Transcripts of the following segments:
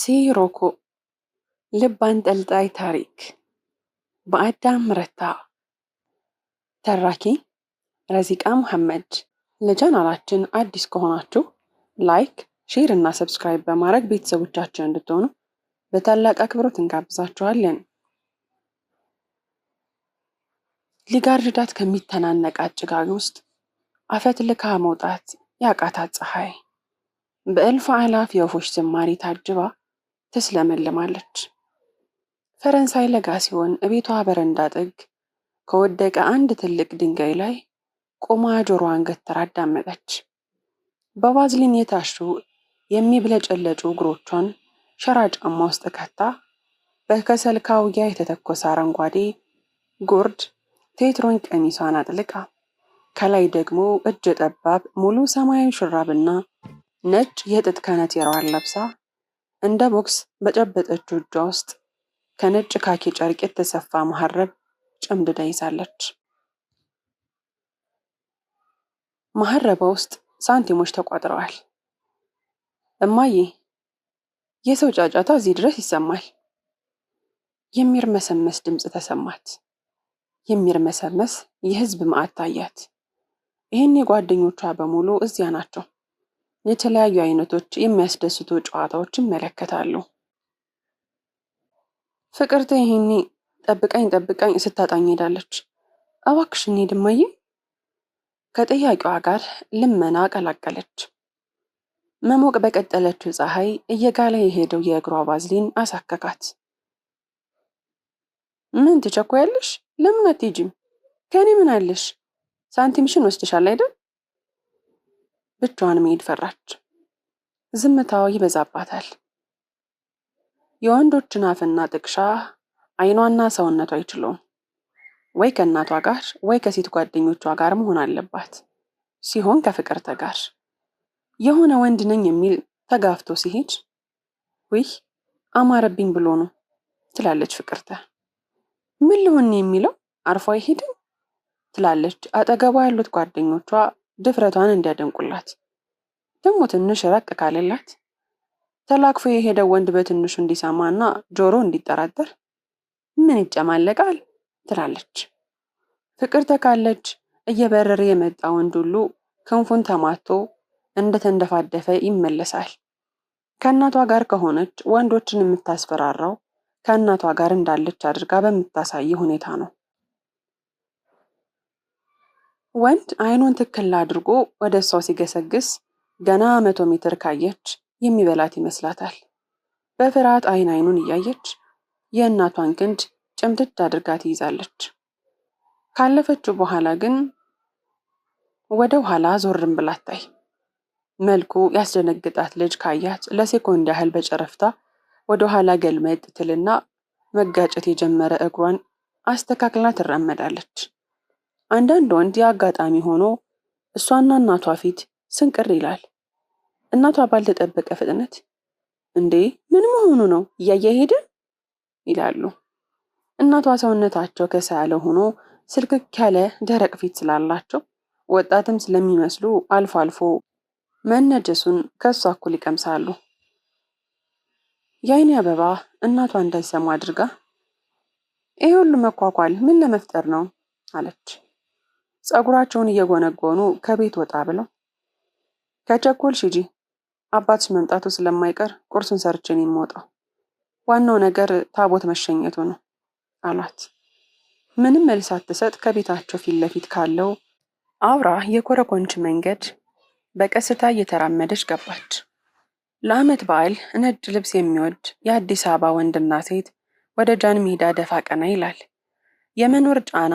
ሲሮኮ ልብ አንጠልጣይ ታሪክ በአዳም ረታ ተራኪ ረዚቃ መሐመድ። ለቻናላችን አዲስ ከሆናችሁ ላይክ፣ ሼር እና ሰብስክራይብ በማድረግ ቤተሰቦቻችን እንድትሆኑ በታላቅ አክብሮት እንጋብዛችኋለን። ሊጋርዳት ከሚተናነቃት ጭጋግ ውስጥ አፈትልካ ልካ መውጣት ያቃታት ፀሐይ በእልፍ አላፍ የወፎች ዝማሬ ታጅባ ትስለመልማለች። ፈረንሳይ ለጋ ሲሆን እቤቷ በረንዳ ጥግ ከወደቀ አንድ ትልቅ ድንጋይ ላይ ቆማ ጆሮዋን ገትራ አዳመጠች። በቫዝሊን የታሹ የሚብለጨለጩ እግሮቿን ሸራ ጫማ ውስጥ ከታ በከሰል ካውያ የተተኮሰ አረንጓዴ ጉርድ ቴትሮን ቀሚሷን አጥልቃ ከላይ ደግሞ እጀ ጠባብ ሙሉ ሰማያዊ ሹራብና ነጭ የጥጥ ከነቴራዋን ለብሳ እንደ ቦክስ በጨበጠችው እጇ ውስጥ ከነጭ ካኪ ጨርቅ የተሰፋ መሀረብ ጨምድዳ ይዛለች። መሀረቧ ውስጥ ሳንቲሞች ተቋጥረዋል። እማዬ፣ የሰው ጫጫታ እዚህ ድረስ ይሰማል። የሚርመሰመስ ድምፅ ተሰማት። የሚርመሰመስ የህዝብ መዓት ታያት። ይህን የጓደኞቿ በሙሉ እዚያ ናቸው። የተለያዩ አይነቶች የሚያስደስቱ ጨዋታዎች ይመለከታሉ። ፍቅርተ ይሄኔ ጠብቀኝ ጠብቀኝ ስታጣኝ ሄዳለች። እባክሽ እንሂድ እማዬ ከጥያቄዋ ጋር ልመና ቀላቀለች። መሞቅ በቀጠለችው ፀሐይ እየጋለ የሄደው የእግሯ ባዝሊን አሳከካት። ምን ትቸኮያለሽ? ለምን አትሄጂም? ከእኔ ምን አለሽ? ሳንቲምሽን ወስድሻል አይደል? ብቻዋን መሄድ ፈራች። ዝምታው ይበዛባታል። የወንዶችን አፍና ጥቅሻ አይኗና ሰውነቷ አይችለውም። ወይ ከእናቷ ጋር ወይ ከሴት ጓደኞቿ ጋር መሆን አለባት። ሲሆን ከፍቅር ተጋር የሆነ ወንድ ነኝ የሚል ተጋፍቶ ሲሄድ ውይ አማረብኝ ብሎ ነው ትላለች ፍቅርተ። ምን ልሆን የሚለው አርፎ አይሄድም ትላለች። አጠገቧ ያሉት ጓደኞቿ ድፍረቷን እንዲያደንቁላት ደግሞ ትንሽ ራቅ ካለላት ተላክፎ የሄደው ወንድ በትንሹ እንዲሰማ እና ጆሮ እንዲጠራጠር ምን ይጨማለቃል ትላለች። ፍቅር ተካለች እየበረረ የመጣ ወንድ ሁሉ ክንፉን ተማቶ እንደተንደፋደፈ ይመለሳል። ከእናቷ ጋር ከሆነች ወንዶችን የምታስፈራራው ከእናቷ ጋር እንዳለች አድርጋ በምታሳይ ሁኔታ ነው። ወንድ አይኑን ትክል አድርጎ ወደ እሷ ሲገሰግስ ገና መቶ ሜትር ካየች የሚበላት ይመስላታል። በፍርሃት አይን አይኑን እያየች የእናቷን ክንድ ጭምድድ አድርጋ ትይዛለች። ካለፈችው በኋላ ግን ወደ ኋላ ዞርም ብላ መልኩ ያስደነግጣት ልጅ ካያት ለሴኮንድ ያህል በጨረፍታ ወደ ኋላ ገልመጥ ትልና መጋጨት የጀመረ እግሯን አስተካክላ ትራመዳለች። አንዳንድ ወንድ የአጋጣሚ ሆኖ እሷና እናቷ ፊት ስንቅር ይላል። እናቷ ባልተጠበቀ ፍጥነት እንዴ ምን መሆኑ ነው እያየ ሄደ ይላሉ። እናቷ ሰውነታቸው ከሳ ያለ ሆኖ ስልክክ ያለ ደረቅ ፊት ስላላቸው ወጣትም ስለሚመስሉ አልፎ አልፎ መነጀሱን ከእሷ እኩል ይቀምሳሉ። የአይኔ አበባ እናቷ እንዳይሰማ አድርጋ ይህ ሁሉ መኳኳል ምን ለመፍጠር ነው አለች። ፀጉራቸውን እየጎነጎኑ ከቤት ወጣ ብለው ከቸኮልሽ ሂጂ፣ አባትሽ መምጣቱ ስለማይቀር ቁርሱን ሰርችን የምወጣው ዋናው ነገር ታቦት መሸኘቱ ነው አሏት። ምንም መልስ አትሰጥ ከቤታቸው ፊት ለፊት ካለው አውራ የኮረኮንች መንገድ በቀስታ እየተራመደች ገባች። ለዓመት በዓል ነጭ ልብስ የሚወድ የአዲስ አበባ ወንድና ሴት ወደ ጃን ሜዳ ደፋ ቀና ይላል። የመኖር ጫና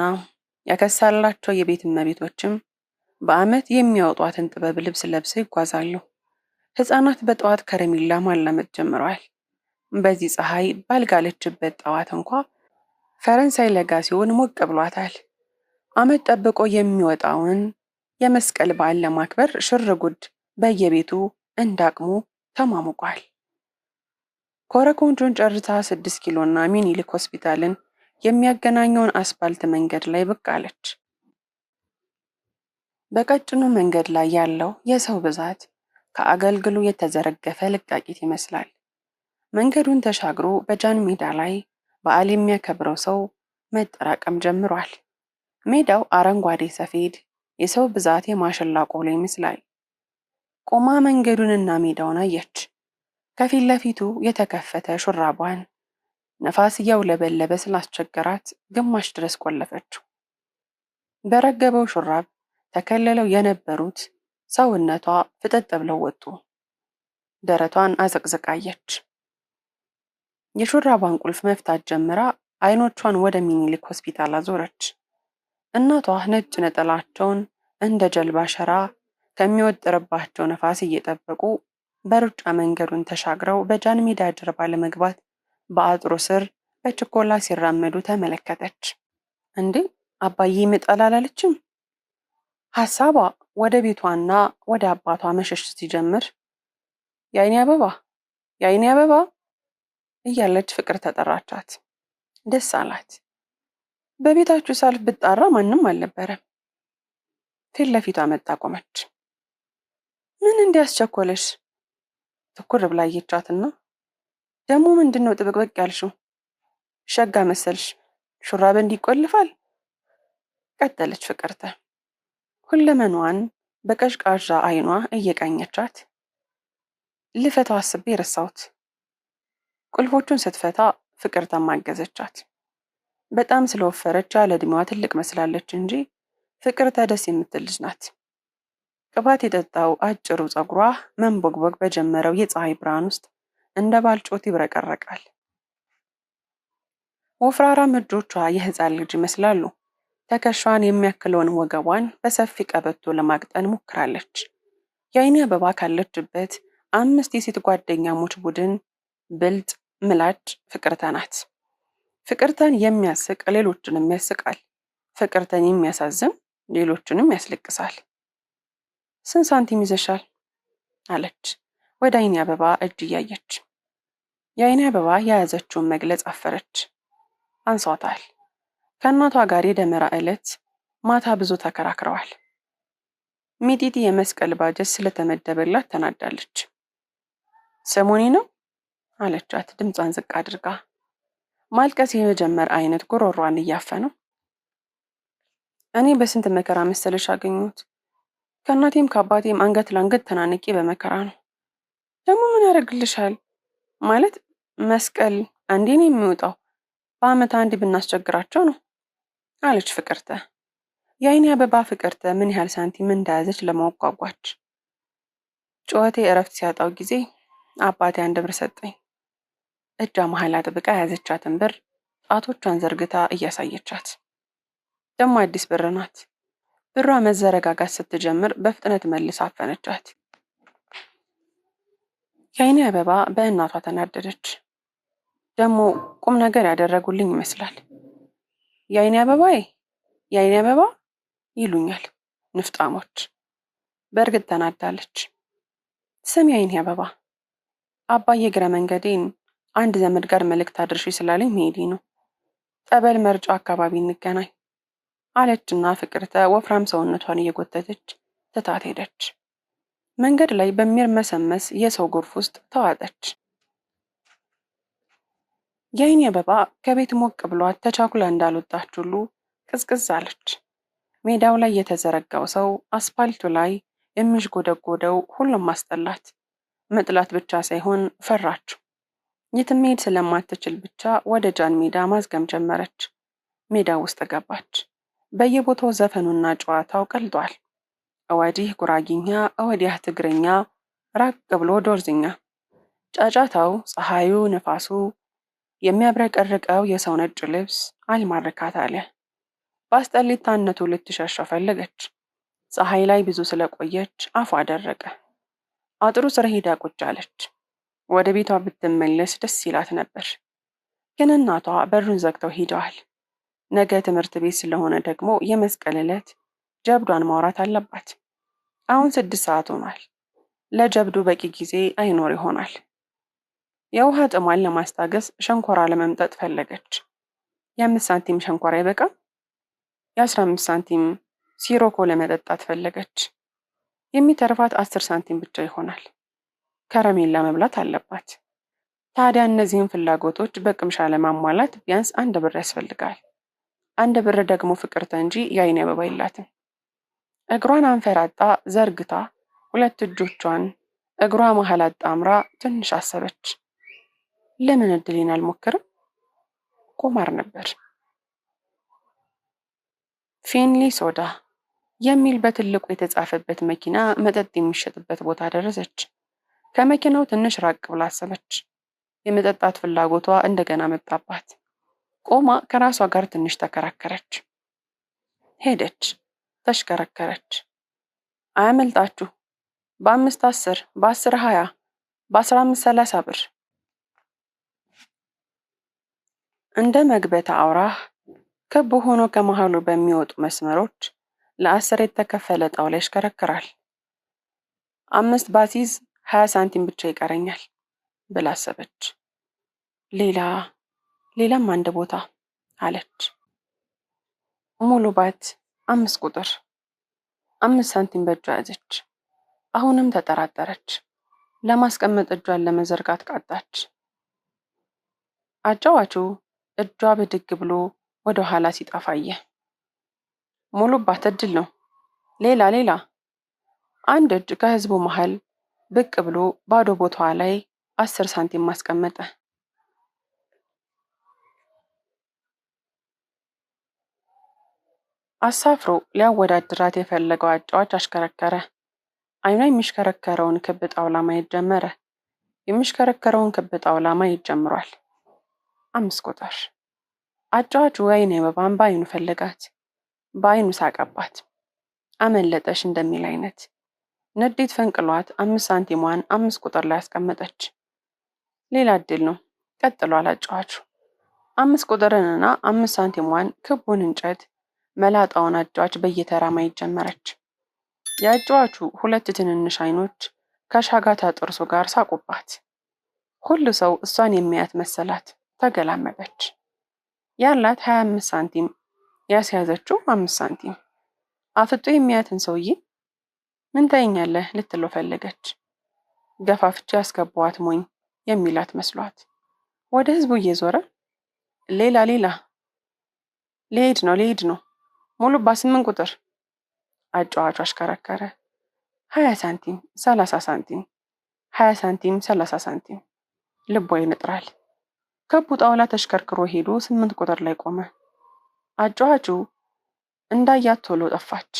ያከሳላቸው የቤት እመቤቶችም በዓመት የሚያወጧትን ጥበብ ልብስ ለብሰው ይጓዛሉ። ሕፃናት በጠዋት ከረሜላ ማላመጥ ጀምረዋል። በዚህ ፀሐይ ባልጋለችበት ጠዋት እንኳ ፈረንሳይ ለጋ ሲሆን ሞቅ ብሏታል። ዓመት ጠብቆ የሚወጣውን የመስቀል በዓል ለማክበር ሽርጉድ በየቤቱ እንዳቅሙ ተማሙቋል። ኮረኮንጆን ጨርታ ስድስት ኪሎና ሚኒሊክ ሆስፒታልን የሚያገናኘውን አስፋልት መንገድ ላይ ብቅ አለች። በቀጭኑ መንገድ ላይ ያለው የሰው ብዛት ከአገልግሉ የተዘረገፈ ልቃቂት ይመስላል። መንገዱን ተሻግሮ በጃን ሜዳ ላይ በዓል የሚያከብረው ሰው መጠራቀም ጀምሯል። ሜዳው አረንጓዴ ሰፌድ፣ የሰው ብዛት የማሽላ ቆሎ ይመስላል። ቆማ መንገዱንና ሜዳውን አየች። ከፊት ለፊቱ የተከፈተ ሹራቧን ነፋስ እያውለበለበ ስላስቸገራት ግማሽ ድረስ ቆለፈችው። በረገበው ሹራብ ተከለለው የነበሩት ሰውነቷ ፍጠጥ ብለው ወጡ። ደረቷን አዘቅዝቃየች። የሹራቧን ቁልፍ መፍታት ጀምራ አይኖቿን ወደ ሚኒሊክ ሆስፒታል አዞረች። እናቷ ነጭ ነጠላቸውን እንደ ጀልባ ሸራ ከሚወጥርባቸው ነፋስ እየጠበቁ በሩጫ መንገዱን ተሻግረው በጃንሜዳ ጀርባ ለመግባት በአጥሩ ስር በችኮላ ሲራመዱ ተመለከተች። እንዴ አባዬ ይመጣል አላለችም? ሀሳቧ ወደ ቤቷና ወደ አባቷ መሸሽ ሲጀምር የአይኔ አበባ የአይኔ አበባ እያለች ፍቅር ተጠራቻት። ደስ አላት። በቤታችሁ ሳልፍ ብጣራ ማንም አልነበረም። ፊት ለፊቷ መጣ ቆመች። ምን እንዲያስቸኮለሽ? ትኩር ብላ አየቻትና ደግሞ ምንድን ነው ጥብቅብቅ ያልሽው? ሸጋ መሰልሽ። ሹራብ እንዲቆልፋል ቀጠለች ፍቅርተ ሁለመኗን በቀዥቃዣ አይኗ እየቃኘቻት። ልፈታው አስቤ ረሳሁት። ቁልፎቹን ስትፈታ ፍቅርተ ማገዘቻት። በጣም ስለወፈረች ያለ እድሜዋ ትልቅ መስላለች እንጂ ፍቅርተ ደስ የምትል ልጅ ናት። ቅባት የጠጣው አጭሩ ፀጉሯ መንቦግቦግ በጀመረው የፀሐይ ብርሃን ውስጥ እንደ ባልጮት ይብረቀረቃል። ወፍራራም እጆቿ የህፃን ልጅ ይመስላሉ። ትከሻዋን የሚያክለውን ወገቧን በሰፊ ቀበቶ ለማቅጠን ሞክራለች። የአይኔ አበባ ካለችበት አምስት የሴት ጓደኛሞች ቡድን ብልጥ፣ ምላጭ ፍቅርተ ናት። ፍቅርተን የሚያስቅ ሌሎችንም ያስቃል። ፍቅርተን የሚያሳዝን ሌሎችንም ያስለቅሳል። ስንት ሳንቲም ይዘሻል? አለች ወደ አይኔ አበባ እጅ እያየች የአይኔ አበባ የያዘችውን መግለጽ አፈረች። አንሷታል። ከእናቷ ጋር የደመራ ዕለት ማታ ብዙ ተከራክረዋል። ሚዲዲ የመስቀል ባጀት ስለተመደበላት ተናዳለች። ሰሞኒ ነው አለቻት ድምጿን ዝቅ አድርጋ። ማልቀስ የመጀመር አይነት ጉሮሯን እያፈነው እኔ በስንት መከራ መሰለሽ አገኙት ከእናቴም ከአባቴም አንገት ለአንገት ተናንቄ በመከራ ነው። ደግሞ ምን ያደርግልሻል ማለት መስቀል አንዴ ነው የሚወጣው፣ በአመት አንድ ብናስቸግራቸው ነው አለች ፍቅርተ። የአይኔ አበባ ፍቅርተ ምን ያህል ሳንቲም እንደያዘች ለማጓጓች። ጩኸቴ እረፍት ሲያጣው ጊዜ አባቴ አንድ ብር ሰጠኝ። እጇ መሀል አጥብቃ የያዘቻትን ብር ጣቶቿን ዘርግታ እያሳየቻት ደግሞ አዲስ ብር ናት። ብሯ መዘረጋጋት ስትጀምር በፍጥነት መልስ አፈነቻት። የአይኔ አበባ በእናቷ ተናደደች። ደግሞ ቁም ነገር ያደረጉልኝ ይመስላል። የአይኔ አበባዬ የአይኔ አበባ ይሉኛል ንፍጣሞች። በእርግጥ ተናዳለች። ስም የአይኔ አበባ፣ አባዬ እግረ መንገዴን አንድ ዘመድ ጋር መልእክት አድርሽ ስላለኝ መሄዴ ነው። ጠበል መርጫ አካባቢ እንገናኝ አለችና ፍቅርተ ወፍራም ሰውነቷን እየጎተተች ትታት ሄደች። መንገድ ላይ በሚርመሰመስ የሰው ጎርፍ ውስጥ ተዋጠች። የአይኔ አበባ ከቤት ሞቅ ብሏት ተቻኩላ እንዳልወጣች ሁሉ ቅዝቅዝ አለች። ሜዳው ላይ የተዘረጋው ሰው አስፓልቱ ላይ የሚሽጎደጎደው ሁሉም አስጠላት። መጥላት ብቻ ሳይሆን ፈራችው። የትም መሄድ ስለማትችል ብቻ ወደ ጃን ሜዳ ማዝገም ጀመረች። ሜዳ ውስጥ ገባች። በየቦታው ዘፈኑና ጨዋታው ቀልጧል። እወዲህ ጉራጊኛ፣ እወዲያ ትግርኛ፣ ራቅ ብሎ ዶርዝኛ። ጫጫታው፣ ፀሐዩ፣ ንፋሱ የሚያብረቀርቀው የሰው ነጭ ልብስ አልማረካት አለ። በአስጠሊታነቱ ልትሸሸው ፈለገች። ፀሐይ ላይ ብዙ ስለቆየች አፏ አደረቀ። አጥሩ ስር ሄዳ ቁጭ አለች። ወደ ቤቷ ብትመለስ ደስ ይላት ነበር፣ ግን እናቷ በሩን ዘግተው ሄደዋል። ነገ ትምህርት ቤት ስለሆነ ደግሞ የመስቀል ዕለት ጀብዷን ማውራት አለባት። አሁን ስድስት ሰዓት ሆኗል። ለጀብዱ በቂ ጊዜ አይኖር ይሆናል። የውሃ ጥሟን ለማስታገስ ሸንኮራ ለመምጠጥ ፈለገች። የአምስት ሳንቲም ሸንኮራ ይበቃ? የአስራ አምስት ሳንቲም ሲሮኮ ለመጠጣት ፈለገች። የሚተርፋት አስር ሳንቲም ብቻ ይሆናል። ከረሜላ መብላት አለባት። ታዲያ እነዚህን ፍላጎቶች በቅምሻ ለማሟላት ቢያንስ አንድ ብር ያስፈልጋል። አንድ ብር ደግሞ ፍቅርተ እንጂ የአይን አበባ የላትም። እግሯን አንፈራጣ ዘርግታ ሁለት እጆቿን እግሯ መሀል አጣምራ ትንሽ አሰበች። ለምን እድሌን አልሞክርም? ቁማር ነበር። ፊንሊ ሶዳ የሚል በትልቁ የተጻፈበት መኪና መጠጥ የሚሸጥበት ቦታ ደረሰች። ከመኪናው ትንሽ ራቅ ብላ አሰበች። የመጠጣት ፍላጎቷ እንደገና መጣባት። ቆማ ከራሷ ጋር ትንሽ ተከራከረች። ሄደች፣ ተሽከረከረች። አያመልጣችሁ በአምስት አስር በአስር ሀያ በአስራ አምስት ሰላሳ ብር እንደ መግበት አውራህ ክብ ሆኖ ከመሃሉ በሚወጡ መስመሮች ለአስር የተከፈለ ጣውላ ይሽከረከራል። አምስት ባሲዝ ሀያ ሳንቲም ብቻ ይቀረኛል ብላ አሰበች። ሌላ ሌላም አንድ ቦታ አለች። ሙሉ ባት አምስት ቁጥር አምስት ሳንቲም በእጇ ያዘች። አሁንም ተጠራጠረች። ለማስቀመጥ እጇን ለመዘርጋት ቃጣች። አጫዋቹ እጇ ብድግ ብሎ ወደ ኋላ ሲጠፋ አየ። ሙሉባት እድል ነው። ሌላ ሌላ አንድ እጅ ከህዝቡ መሀል ብቅ ብሎ ባዶ ቦታዋ ላይ አስር ሳንቲም ማስቀመጠ። አሳፍሮ ሊያወዳድራት የፈለገው አጫዋች አሽከረከረ። አይኗ የሚሽከረከረውን ክብ ጣውላ ማየት ጀመረ። የሚሽከረከረውን ክብ ጣውላ ማየት ጀምሯል። አምስት ቁጥር አጫዋቹ ወይኔ በባን በአይኑ ፈለጋት፣ በአይኑ ሳቀባት። አመለጠሽ እንደሚል አይነት ንዴት ፈንቅሏት አምስት ሳንቲሟን አምስት ቁጥር ላይ አስቀመጠች። ሌላ እድል ነው። ቀጥሏል አጫዋቹ አምስት ቁጥርንና አምስት ሳንቲሟን ክቡን እንጨት መላጣውን አጫዋች በየተራ ማየት ጀመረች። የአጫዋቹ ሁለት ትንንሽ አይኖች ከሻጋታ ጥርሱ ጋር ሳቁባት። ሁሉ ሰው እሷን የሚያት መሰላት። ተገላመጠች። ያላት 25 ሳንቲም ያስያዘችው አምስት ሳንቲም። አፍጦ የሚያትን ሰውዬ ምን ታይኛለህ ልትለው ፈለገች። ገፋፍቼ ያስገባዋት ሞኝ የሚላት መስሏት ወደ ህዝቡ እየዞረ ሌላ ሌላ ሊሄድ ነው ሊሄድ ነው ሙሉ ባስምን ቁጥር አጫዋቹ አሽከረከረ። ሀያ ሳንቲም ሰላሳ ሳንቲም ሀያ ሳንቲም ሰላሳ ሳንቲም ልቧ ይነጥራል። ከቡ ጣውላ ተሽከርክሮ ሄዶ ስምንት ቁጥር ላይ ቆመ። አጫዋቹ እንዳያት ቶሎ ጠፋች።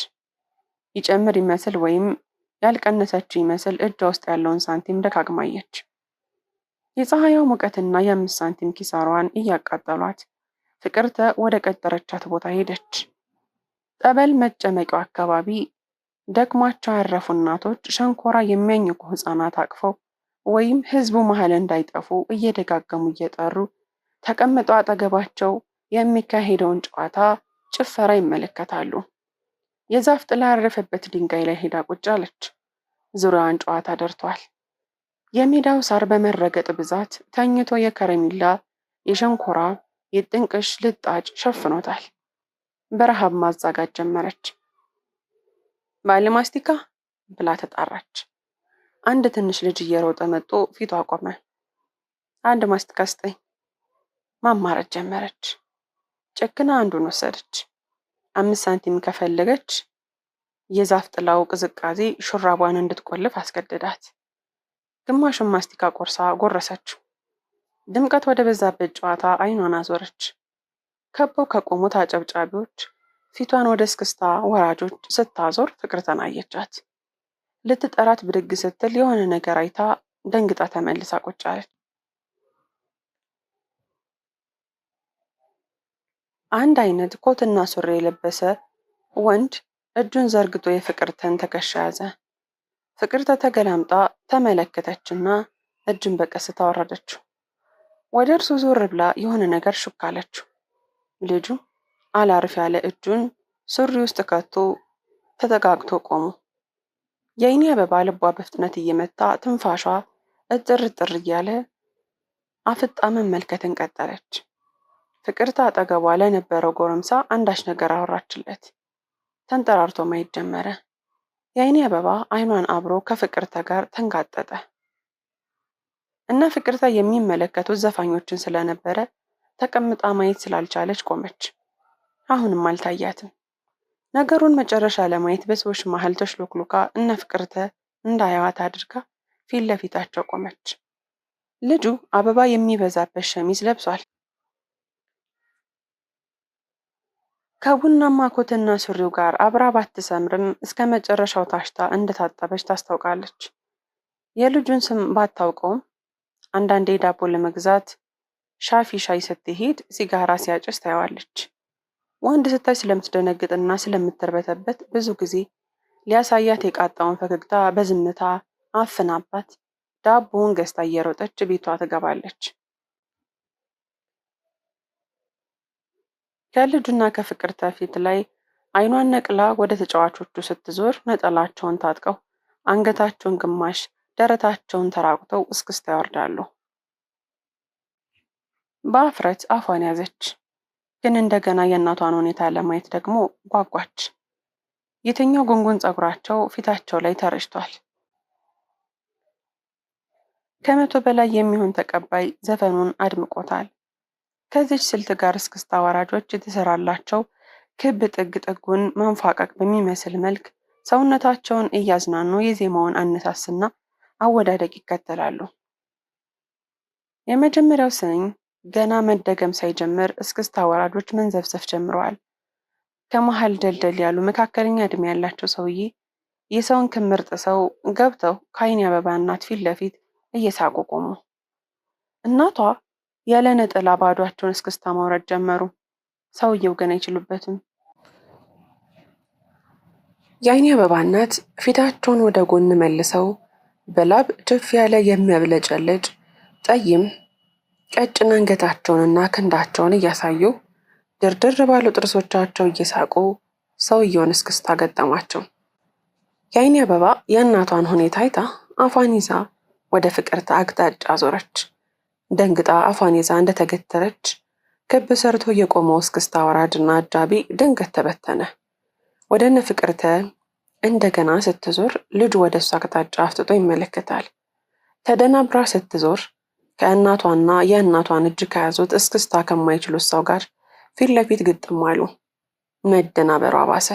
ይጨምር ይመስል ወይም ያልቀነሰችው ይመስል እጇ ውስጥ ያለውን ሳንቲም ደጋግማየች። የፀሐያው ሙቀትና የአምስት ሳንቲም ኪሳሯን እያቃጠሏት ፍቅርተ ወደ ቀጠረቻት ቦታ ሄደች። ጠበል መጨመቂያው አካባቢ ደክሟቸው ያረፉ እናቶች ሸንኮራ የሚያኝቁ ህፃናት አቅፈው ወይም ህዝቡ መሀል እንዳይጠፉ እየደጋገሙ እየጠሩ ተቀምጠው አጠገባቸው የሚካሄደውን ጨዋታ ጭፈራ ይመለከታሉ። የዛፍ ጥላ ያረፈበት ድንጋይ ላይ ሄዳ ቁጭ አለች። ዙሪያዋን ጨዋታ ደርቷል። የሜዳው ሳር በመረገጥ ብዛት ተኝቶ የከረሚላ፣ የሸንኮራ፣ የጥንቅሽ ልጣጭ ሸፍኖታል። በረሃብ ማዛጋጅ ጀመረች። ባለማስቲካ ብላ ተጣራች። አንድ ትንሽ ልጅ እየሮጠ መጥቶ ፊቱ አቆመ። አንድ ማስቲካ ስጠኝ ማማረት ጀመረች። ጨክና አንዱን ወሰደች። አምስት ሳንቲም ከፈለገች የዛፍ ጥላው ቅዝቃዜ ሹራቧን እንድትቆልፍ አስገደዳት። ግማሹን ማስቲካ ቆርሳ ጎረሰችው። ድምቀት ወደ በዛበት ጨዋታ አይኗን አዞረች። ከበው ከቆሙት አጨብጫቢዎች ፊቷን ወደ እስክስታ ወራጆች ስታዞር ፍቅር ተናየቻት። ልትጠራት ብድግ ስትል የሆነ ነገር አይታ ደንግጣ ተመልሳ ቁጭ አለች። አንድ አይነት ኮትና ሱሪ የለበሰ ወንድ እጁን ዘርግቶ የፍቅርተን ትከሻ ያዘ። ፍቅርተ ተገላምጣ ተመለከተችና እጁን በቀስታ ወረደችው። ወደ እርሱ ዞር ብላ የሆነ ነገር ሹክ አለችው። ልጁ አላርፍ ያለ እጁን ሱሪ ውስጥ ከቶ ተጠጋግቶ ቆሙ። የአይኒ አበባ ልቧ በፍጥነት እየመታ ትንፋሿ እጥር ጥር እያለ አፍጣ መመልከትን ቀጠለች። ፍቅርተ አጠገቧ ለነበረው ጎረምሳ አንዳች ነገር አወራችለት። ተንጠራርቶ ማየት ጀመረ። የአይኔ አበባ አይኗን አብሮ ከፍቅርተ ጋር ተንጋጠጠ እና ፍቅርተ የሚመለከቱት ዘፋኞችን ስለነበረ ተቀምጣ ማየት ስላልቻለች ቆመች። አሁንም አልታያትም። ነገሩን መጨረሻ ለማየት በሰዎች መሀል ተሽሎክሎካ እነ ፍቅርተ እንዳያዋት አድርጋ ፊት ለፊታቸው ቆመች። ልጁ አበባ የሚበዛበት ሸሚዝ ለብሷል። ከቡናማ ኮትና ሱሪው ጋር አብራ ባትሰምርም እስከ መጨረሻው ታሽታ እንደታጠበች ታስታውቃለች። የልጁን ስም ባታውቀውም አንዳንዴ ዳቦ ለመግዛት ሻፊ ሻይ ስትሄድ ሲጋራ ሲያጭስ ታየዋለች። ወንድ ስታይ ስለምትደነግጥና ስለምትርበተበት ብዙ ጊዜ ሊያሳያት የቃጣውን ፈገግታ በዝምታ አፍናባት ዳቦውን ገዝታ እየሮጠች ቤቷ ትገባለች። ከልጁና ከፍቅርተ ፊት ላይ አይኗን ነቅላ ወደ ተጫዋቾቹ ስትዞር ነጠላቸውን ታጥቀው አንገታቸውን ግማሽ ደረታቸውን ተራቁተው እስክስታ ያወርዳሉ። በአፍረት አፏን ያዘች። ግን እንደገና የእናቷን ሁኔታ ለማየት ደግሞ ጓጓች። የትኛው ጉንጉን ፀጉራቸው ፊታቸው ላይ ተረጭቷል። ከመቶ በላይ የሚሆን ተቀባይ ዘፈኑን አድምቆታል። ከዚች ስልት ጋር እስክስታ አዋራጆች የተሰራላቸው ክብ ጥግ ጥጉን መንፋቀቅ በሚመስል መልክ ሰውነታቸውን እያዝናኑ የዜማውን አነሳስና አወዳደቅ ይከተላሉ። የመጀመሪያው ስንኝ ገና መደገም ሳይጀምር እስክስታ ወራዶች መንዘፍዘፍ ጀምረዋል። ከመሀል ደልደል ያሉ መካከለኛ እድሜ ያላቸው ሰውዬ የሰውን ክምር ጥሰው ገብተው ከአይኔ አበባ እናት ፊት ለፊት እየሳቁ ቆሙ። እናቷ ያለ ነጠላ ባዷቸውን እስክስታ ማውረድ ጀመሩ። ሰውየው ግን አይችሉበትም። የአይኔ አበባ እናት ፊታቸውን ወደ ጎን መልሰው በላብ ጭፍ ያለ የሚያብለጨለጭ ጠይም ቀጭን አንገታቸውንና ክንዳቸውን እያሳዩ ድርድር ባሉ ጥርሶቻቸው እየሳቁ ሰውየውን እስክስታ ገጠማቸው። የአይኔ አበባ የእናቷን ሁኔታ አይታ አፏን ይዛ ወደ ፍቅርተ አቅጣጫ ዞረች። ደንግጣ አፏን ይዛ እንደተገተረች ክብ ሰርቶ የቆመው እስክስታ ወራድና አጃቢ ድንገት ተበተነ። ወደ እነ ፍቅርተ እንደገና ስትዞር ልጁ ወደ አቅጣጫ አፍጥጦ ይመለከታል። ተደናብራ ስትዞር ከእናቷና የእናቷን እጅ ከያዙት እስክስታ ከማይችሉት ሰው ጋር ፊት ለፊት ግጥም አሉ። መደናበሯ ባሰ።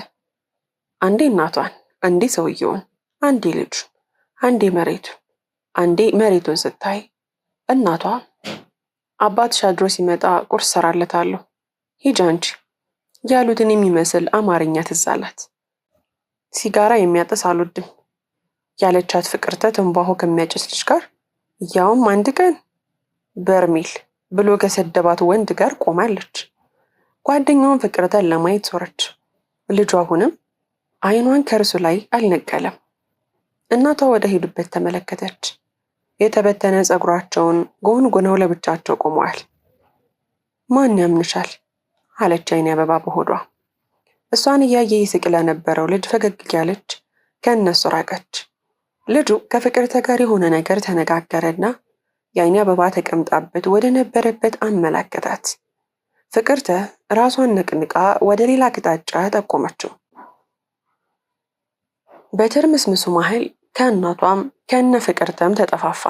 አንዴ እናቷን፣ አንዴ ሰውየውን፣ አንዴ ልጁን፣ አንዴ መሬቱን፣ አንዴ መሬቱን ስታይ እናቷ አባትሽ አድሮ ሲመጣ ቁርስ ሰራለታለሁ ሂጂ አንቺ ያሉትን የሚመስል አማርኛ ትዝ አላት። ሲጋራ የሚያጠስ አልወድም ያለቻት ፍቅርተ ትንባሆ ከሚያጨስ ልጅ ጋር ያውም አንድ ቀን በርሜል ብሎ ከሰደባት ወንድ ጋር ቆማለች። ጓደኛዋን ፍቅርተን ለማየት ዞረች። ልጇ አሁንም አይኗን ከእርሱ ላይ አልነቀለም። እናቷ ወደ ሄዱበት ተመለከተች። የተበተነ ፀጉራቸውን ጎነው ለብቻቸው ቆመዋል። ማን ያምንሻል አለች አይኔ አበባ በሆዷ። እሷን እያየ ይስቅ ለነበረው ልጅ ፈገግ ያለች ከእነሱ ራቀች። ልጁ ከፍቅርተ ጋር የሆነ ነገር ተነጋገረና የአይኔ አበባ ተቀምጣበት ወደ ነበረበት አመላከታት። ፍቅርተ ራሷን ነቅንቃ ወደ ሌላ አቅጣጫ ጠቆመችው። በትርምስምሱ መሀል ከእናቷም ከነ ፍቅርተም ተጠፋፋ።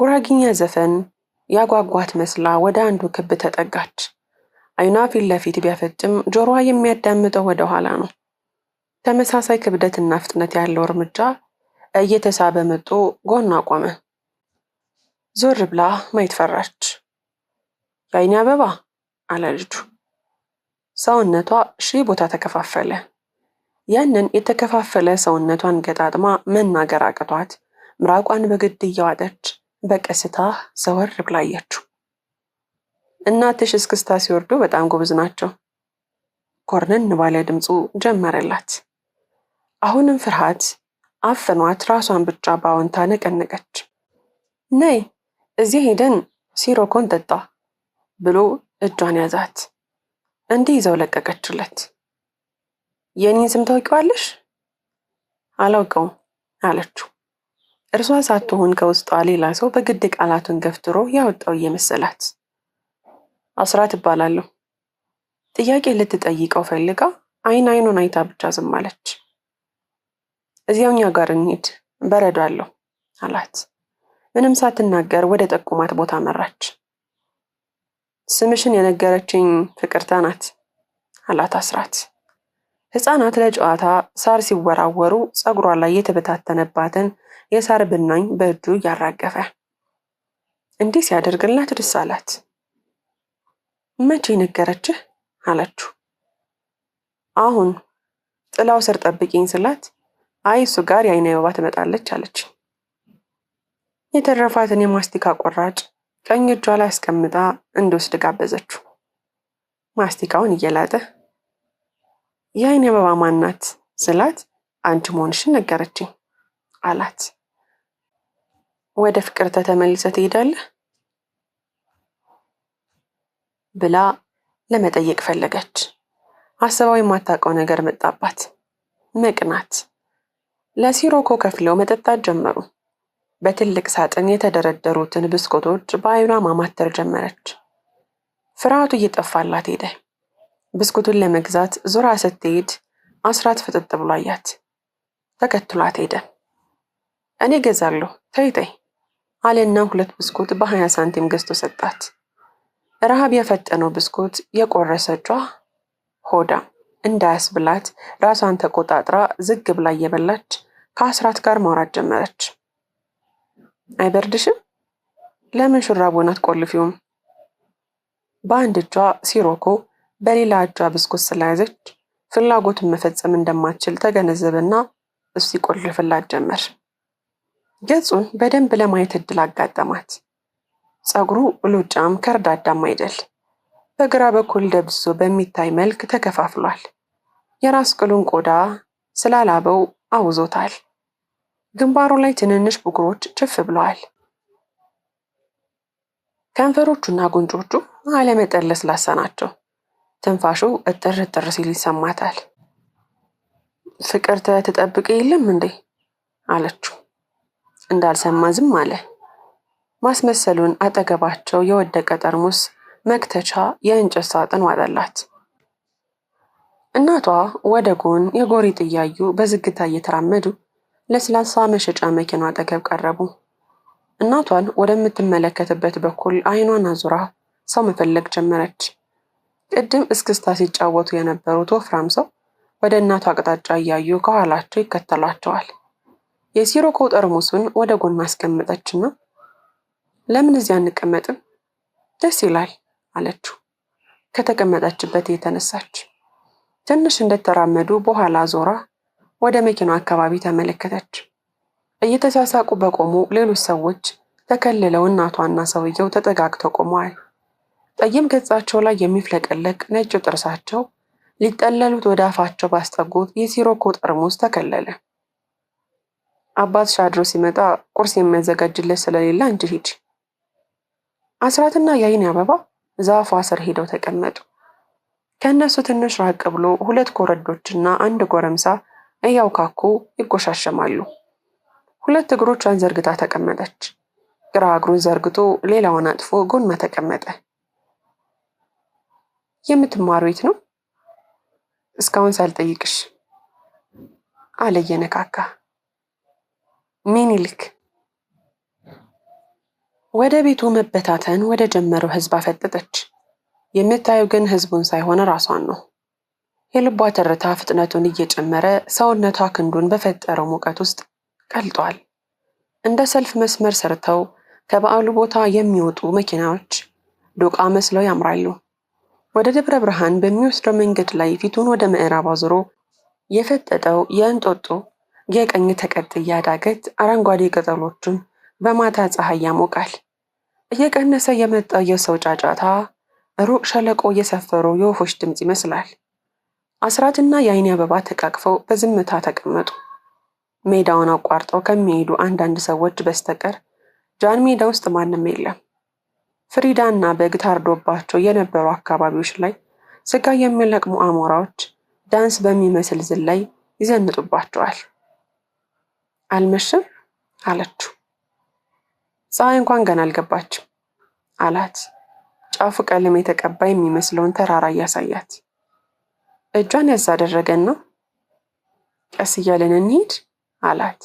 ጉራጊኛ ዘፈን ያጓጓት መስላ ወደ አንዱ ክብ ተጠጋች። አይኗ ፊት ለፊት ቢያፈጥም ጆሮዋ የሚያዳምጠው ወደ ኋላ ነው። ተመሳሳይ ክብደትና ፍጥነት ያለው እርምጃ እየተሳበ መጡ ጎን ቆመ። ዞር ብላ ማየት ፈራች። የዓይኔ አበባ አለ ልጁ። ሰውነቷ ሺህ ቦታ ተከፋፈለ። ያንን የተከፋፈለ ሰውነቷን ገጣጥማ መናገር አቅቷት ምራቋን በግድ እያዋጠች በቀስታ ዘወር ብላ አየችው። እናትሽ እስክስታ ሲወርዱ በጣም ጎብዝ ናቸው፣ ኮርነን ባለ ድምፁ ጀመረላት። አሁንም ፍርሃት አፍኗት ራሷን ብቻ በአዎንታ ነቀነቀች። ነይ እዚህ ሄደን ሲሮኮን ጠጣ ብሎ እጇን ያዛት። እንዲህ ይዘው ለቀቀችለት። የኔን ስም ታውቂዋለሽ? አላውቀውም አለችው። እርሷ ሳትሆን ከውስጧ ሌላ ሰው በግድ ቃላቱን ገፍትሮ ያወጣው እየመሰላት። አስራት እባላለሁ። ጥያቄ ልትጠይቀው ፈልጋ አይን አይኑን አይታ ብቻ ዝም አለች። እዚያው እኛ ጋር እንሂድ፣ በረዶ አለው አላት። ምንም ሳትናገር ወደ ጠቁማት ቦታ መራች። ስምሽን የነገረችኝ ፍቅርተ ናት አላት አስራት። ህፃናት ለጨዋታ ሳር ሲወራወሩ ፀጉሯ ላይ የተበታተነባትን የሳር ብናኝ በእጁ እያራገፈ እንዲህ ሲያደርግላት ደስ አላት። መቼ ነገረችህ አለችው። አሁን ጥላው ስር ጠብቂኝ ስላት አይ እሱ ጋር የአይነ እባ ትመጣለች አለች። የተረፋትን የማስቲካ ቁራጭ ቀኝ እጇ ላይ አስቀምጣ እንድወስድ ጋበዘችው። ማስቲካውን እየላጠ የአይን አበባ ማናት ስላት አንቺ መሆንሽን ነገረችኝ አላት። ወደ ፍቅር ተመልሰ ትሄዳለህ ብላ ለመጠየቅ ፈለገች። አስባው የማታውቀው ነገር መጣባት። መቅናት። ለሲሮኮ ከፍለው መጠጣት ጀመሩ። በትልቅ ሳጥን የተደረደሩትን ብስኩቶች በአይኗ ማማተር ጀመረች። ፍርሃቱ እየጠፋላት ሄደ። ብስኩቱን ለመግዛት ዙራ ስትሄድ አስራት ፍጥጥ ብሎ አያት። ተከትሏት ሄደ። እኔ ገዛለሁ ተይ ተይ አለና ሁለት ብስኩት በሀያ ሳንቲም ገዝቶ ሰጣት። ረሃብ የፈጠነው ብስኩት የቆረሰቿ ሆዳ እንዳያስ ብላት ራሷን ተቆጣጥራ ዝግ ብላ እየበላች ከአስራት ጋር ማውራት ጀመረች። አይበርድሽም? ለምን ሹራቡን አትቆልፊውም? በአንድ እጇ ሲሮኮ በሌላ እጇ ብስኩት ስለያዘች ፍላጎትን መፈጸም እንደማትችል ተገነዘበና እሱ ይቆልፍላት ጀመር። ገጹን በደንብ ለማየት እድል አጋጠማት። ፀጉሩ ሉጫም ከርዳዳም አይደል፣ በግራ በኩል ደብሶ በሚታይ መልክ ተከፋፍሏል። የራስ ቅሉን ቆዳ ስላላበው አውዞታል። ግንባሩ ላይ ትንንሽ ብጉሮች ችፍ ብለዋል። ከንፈሮቹና ጉንጮቹ አለመጠን ለስላሳ ናቸው። ትንፋሹ እጥር እጥር ሲል ይሰማታል። ፍቅርተ ትጠብቅ የለም እንዴ አለችው። እንዳልሰማ ዝም አለ። ማስመሰሉን አጠገባቸው የወደቀ ጠርሙስ መክተቻ የእንጨት ሳጥን ዋጠላት። እናቷ ወደ ጎን የጎሪጥ እያዩ በዝግታ እየተራመዱ ለስላሳ መሸጫ መኪና አጠገብ ቀረቡ። እናቷን ወደምትመለከትበት በኩል አይኗን አዙራ ሰው መፈለግ ጀመረች። ቅድም እስክስታ ሲጫወቱ የነበሩት ወፍራም ሰው ወደ እናቷ አቅጣጫ እያዩ ከኋላቸው ይከተሏቸዋል። የሲሮኮ ጠርሙሱን ወደ ጎን አስቀመጠችና ለምን እዚያ አንቀመጥም? ደስ ይላል አለችው። ከተቀመጠችበት የተነሳች ትንሽ እንደተራመዱ በኋላ ዞራ ወደ መኪናው አካባቢ ተመለከተች። እየተሳሳቁ በቆሙ ሌሎች ሰዎች ተከልለው እናቷና ሰውየው ተጠጋግተው ቆመዋል። ጠይም ገጻቸው ላይ የሚፍለቀለቅ ነጭ ጥርሳቸው ሊጠለሉት ወደ አፋቸው ባስጠጉት የሲሮኮ ጠርሙስ ተከለለ። አባት ሻድሮ ሲመጣ ቁርስ የሚያዘጋጅለት ስለሌለ አንቺ ሂድ። አስራትና የአይን አበባ ዛፏ ስር ሄደው ተቀመጡ። ከእነሱ ትንሽ ራቅ ብሎ ሁለት ኮረዶችና አንድ ጎረምሳ እያውካኩ ይጎሻሸማሉ። ሁለት እግሮቿን ዘርግታ ተቀመጠች። ግራ እግሩን ዘርግቶ ሌላውን አጥፎ ጎኗ ተቀመጠ። የምትማሩ የት ነው? እስካሁን ሳልጠይቅሽ አለ እየነካካ። ምኒልክ ወደ ቤቱ መበታተን ወደ ጀመረው ህዝብ አፈጠጠች። የምታየው ግን ህዝቡን ሳይሆን ራሷን ነው። የልቧ ትርታ ፍጥነቱን እየጨመረ ሰውነቷ ክንዱን በፈጠረው ሙቀት ውስጥ ቀልጧል። እንደ ሰልፍ መስመር ሰርተው ከበዓሉ ቦታ የሚወጡ መኪናዎች ዶቃ መስለው ያምራሉ። ወደ ደብረ ብርሃን በሚወስደው መንገድ ላይ ፊቱን ወደ ምዕራብ አዙሮ የፈጠጠው የእንጦጦ የቀኝ ተቀጥያ ዳገት አረንጓዴ ቅጠሎቹን በማታ ፀሐይ ያሞቃል። እየቀነሰ የመጣው የሰው ጫጫታ ሩቅ ሸለቆ የሰፈሩ የወፎች ድምፅ ይመስላል። አስራትና የአይኔ አበባ ተቃቅፈው በዝምታ ተቀመጡ። ሜዳውን አቋርጠው ከሚሄዱ አንዳንድ ሰዎች በስተቀር ጃን ሜዳ ውስጥ ማንም የለም። ፍሪዳ እና በግ ታርዶባቸው የነበሩ አካባቢዎች ላይ ስጋ የሚለቅሙ አሞራዎች ዳንስ በሚመስል ዝል ላይ ይዘንጡባቸዋል። አልመሽም አለችው። ፀሐይ እንኳን ገና አልገባችም አላት። ጫፉ ቀለም የተቀባ የሚመስለውን ተራራ እያሳያት እጇን ያዝ አደረገና ቀስ እያለን እንሂድ አላት።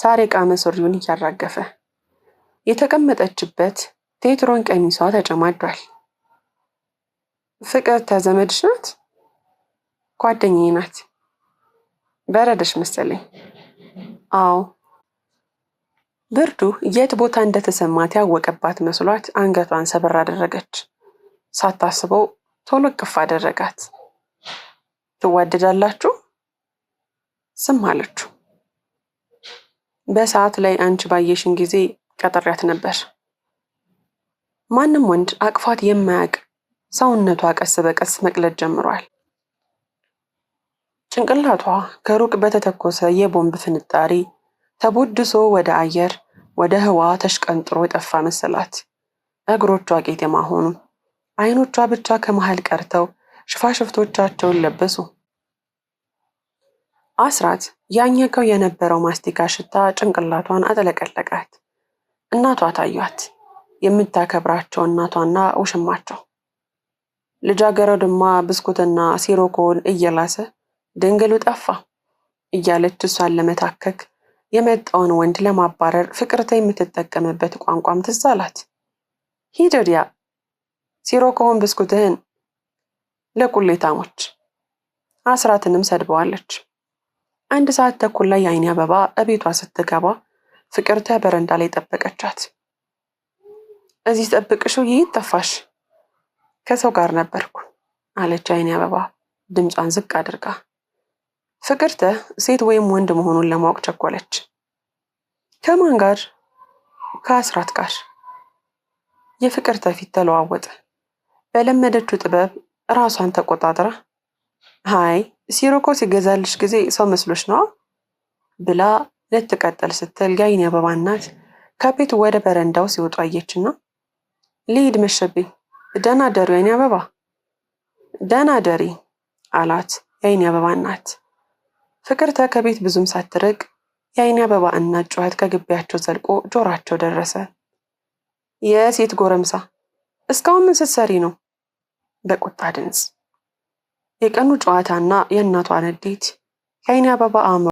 ሳሬቃ መሶሪውን እያራገፈ የተቀመጠችበት ቴትሮን ቀሚሷ ተጨማዷል። ፍቅር ተዘመድሽ ናት፣ ጓደኛዬ ናት። በረደሽ መሰለኝ። አዎ ብርዱ የት ቦታ እንደተሰማት ያወቀባት መስሏት አንገቷን ሰበር አደረገች። ሳታስበው ቶሎ ቅፍ አደረጋት። ትዋደዳላችሁ? ስም አለችው። በሰዓት ላይ አንቺ ባየሽን ጊዜ ቀጠሪያት ነበር። ማንም ወንድ አቅፋት የማያውቅ ሰውነቷ ቀስ በቀስ መቅለጥ ጀምሯል። ጭንቅላቷ ከሩቅ በተተኮሰ የቦምብ ፍንጣሪ ተቦድሶ ወደ አየር ወደ ህዋ ተሽቀንጥሮ የጠፋ መሰላት። እግሮቿ ቄጤማ ሆኑ። አይኖቿ ብቻ ከመሃል ቀርተው ሽፋሽፍቶቻቸውን ለበሱ። አስራት ያኘከው የነበረው ማስቲካ ሽታ ጭንቅላቷን አጥለቀለቃት። እናቷ ታዩት፣ የምታከብራቸው እናቷና ውሽማቸው። ልጃገረድማ ብስኩትና ሲሮኮን እየላሰ ድንግሉ ጠፋ እያለች እሷን ለመታከክ የመጣውን ወንድ ለማባረር ፍቅርተ የምትጠቀምበት ቋንቋም ትዝ አላት። ሂድ ወዲያ ሲሮኮውን ብስኩትህን ለቁሌታሞች አስራትንም ሰድበዋለች። አንድ ሰዓት ተኩል ላይ የአይኔ አበባ እቤቷ ስትገባ ፍቅርተ በረንዳ ላይ ጠበቀቻት። እዚህ ጠብቅሽው ይህ ጠፋሽ፣ ከሰው ጋር ነበርኩ አለች አይኔ አበባ ድምጿን ዝቅ አድርጋ። ፍቅርተ ሴት ወይም ወንድ መሆኑን ለማወቅ ቸኮለች። ከማን ጋር? ከአስራት ጋር። የፍቅርተ ፊት ተለዋወጠ። በለመደችው ጥበብ ራሷን ተቆጣጥራ አይ ሲሮኮ ሲገዛልሽ ጊዜ ሰው መስሎች ነዋ ብላ ልትቀጠል ስትል ጋይን አበባ እናት ከቤት ወደ በረንዳው ሲወጡ አየችና ልሂድ መሸብኝ፣ ደህና ደሩ ያይኔ አበባ። ደህና ደሪ አላት ያይኔ አበባ እናት። ፍቅርተ ከቤት ብዙም ሳትርቅ የአይኔ አበባ እናት ጩኸት ከግቢያቸው ዘልቆ ጆሯቸው ደረሰ። የሴት ጎረምሳ እስካሁን ምን ስትሰሪ ነው? በቁጣ ድምፅ የቀኑ ጨዋታና የእናቷ ንዴት ከዓይኔ አበባ አእምሮ